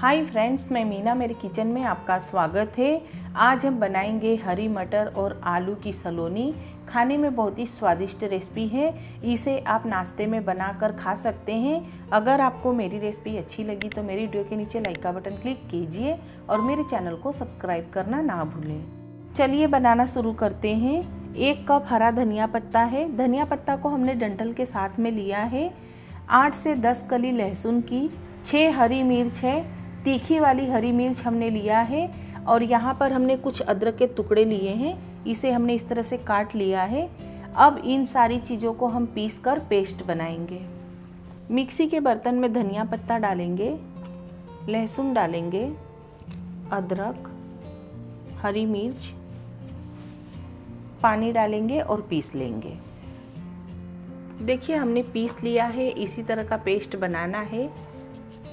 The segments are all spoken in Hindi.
हाय फ्रेंड्स मैं मीना मेरे किचन में आपका स्वागत है आज हम बनाएंगे हरी मटर और आलू की सलोनी खाने में बहुत ही स्वादिष्ट रेसिपी है इसे आप नाश्ते में बनाकर खा सकते हैं अगर आपको मेरी रेसिपी अच्छी लगी तो मेरी वीडियो के नीचे लाइक का बटन क्लिक कीजिए और मेरे चैनल को सब्सक्राइब करना ना भूलें चलिए बनाना शुरू करते हैं एक कप हरा धनिया पत्ता है धनिया पत्ता को हमने डंठल के साथ में लिया है आठ से दस कली लहसुन की छः हरी मिर्च है तीखी वाली हरी मिर्च हमने लिया है और यहाँ पर हमने कुछ अदरक के टुकड़े लिए हैं इसे हमने इस तरह से काट लिया है अब इन सारी चीज़ों को हम पीस कर पेस्ट बनाएंगे मिक्सी के बर्तन में धनिया पत्ता डालेंगे लहसुन डालेंगे अदरक हरी मिर्च पानी डालेंगे और पीस लेंगे देखिए हमने पीस लिया है इसी तरह का पेस्ट बनाना है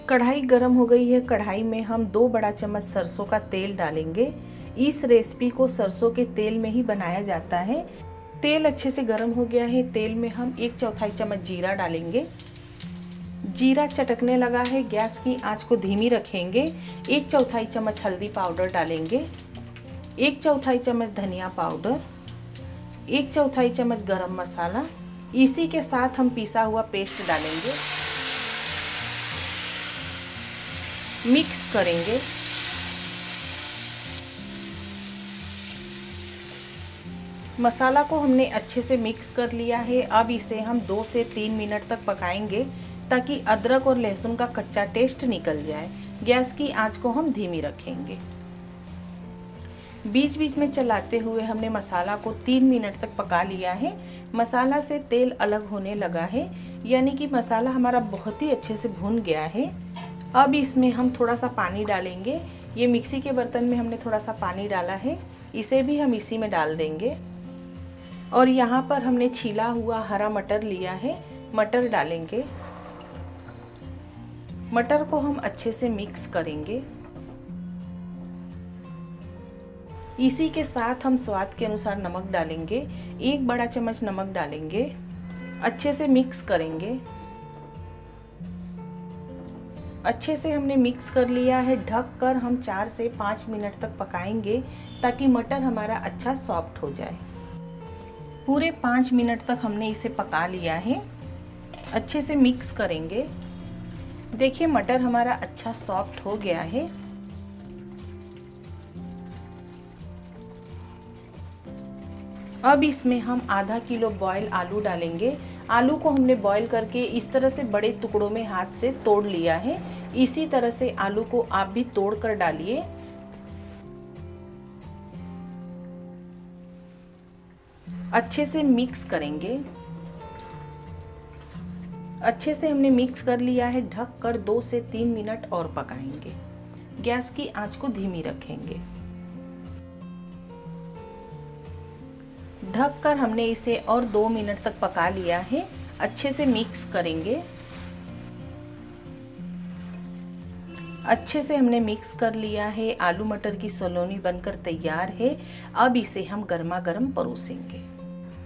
कढ़ाई गर्म हो गई है कढ़ाई में हम दो बड़ा चम्मच सरसों का तेल डालेंगे इस रेसिपी को सरसों के तेल में ही बनाया जाता है तेल अच्छे से गर्म हो गया है तेल में हम एक चौथाई चम्मच जीरा डालेंगे जीरा चटकने लगा है गैस की आंच को धीमी रखेंगे एक चौथाई चम्मच हल्दी पाउडर डालेंगे एक चौथाई चम्मच धनिया पाउडर एक चौथाई चम्मच गरम मसाला इसी के साथ हम पिसा हुआ पेस्ट डालेंगे मिक्स करेंगे मसाला को हमने अच्छे से मिक्स कर लिया है अब इसे हम दो से तीन मिनट तक पकाएंगे ताकि अदरक और लहसुन का कच्चा टेस्ट निकल जाए गैस की आंच को हम धीमी रखेंगे बीच बीच में चलाते हुए हमने मसाला को तीन मिनट तक पका लिया है मसाला से तेल अलग होने लगा है यानी कि मसाला हमारा बहुत ही अच्छे से भुन गया है अब इसमें हम थोड़ा सा पानी डालेंगे ये मिक्सी के बर्तन में हमने थोड़ा सा पानी डाला है इसे भी हम इसी में डाल देंगे और यहाँ पर हमने छीला हुआ हरा मटर लिया है मटर डालेंगे मटर को हम अच्छे से मिक्स करेंगे इसी के साथ हम स्वाद के अनुसार नमक डालेंगे एक बड़ा चम्मच नमक डालेंगे अच्छे से मिक्स करेंगे अच्छे से हमने मिक्स कर लिया है ढक कर हम चार से पाँच मिनट तक पकाएंगे ताकि मटर हमारा अच्छा सॉफ्ट हो जाए पूरे पाँच मिनट तक हमने इसे पका लिया है अच्छे से मिक्स करेंगे देखिए मटर हमारा अच्छा सॉफ्ट हो गया है अब इसमें हम आधा किलो बॉयल आलू डालेंगे आलू को हमने बॉईल करके इस तरह से बड़े टुकड़ों में हाथ से तोड़ लिया है इसी तरह से आलू को आप भी तोड़ कर डालिए अच्छे से मिक्स करेंगे अच्छे से हमने मिक्स कर लिया है ढक कर दो से तीन मिनट और पकाएंगे गैस की आंच को धीमी रखेंगे ढककर हमने इसे और दो मिनट तक पका लिया है अच्छे से मिक्स करेंगे अच्छे से हमने मिक्स कर लिया है आलू मटर की सलोनी बनकर तैयार है अब इसे हम गर्मा गर्म परोसेंगे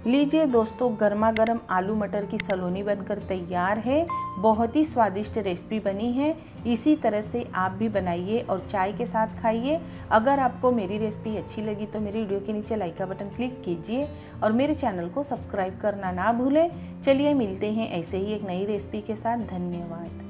लीजिए दोस्तों गर्मा गर्म आलू मटर की सलोनी बनकर तैयार है बहुत ही स्वादिष्ट रेसिपी बनी है इसी तरह से आप भी बनाइए और चाय के साथ खाइए अगर आपको मेरी रेसिपी अच्छी लगी तो मेरी वीडियो के नीचे लाइक का बटन क्लिक कीजिए और मेरे चैनल को सब्सक्राइब करना ना भूलें चलिए मिलते हैं ऐसे ही एक नई रेसिपी के साथ धन्यवाद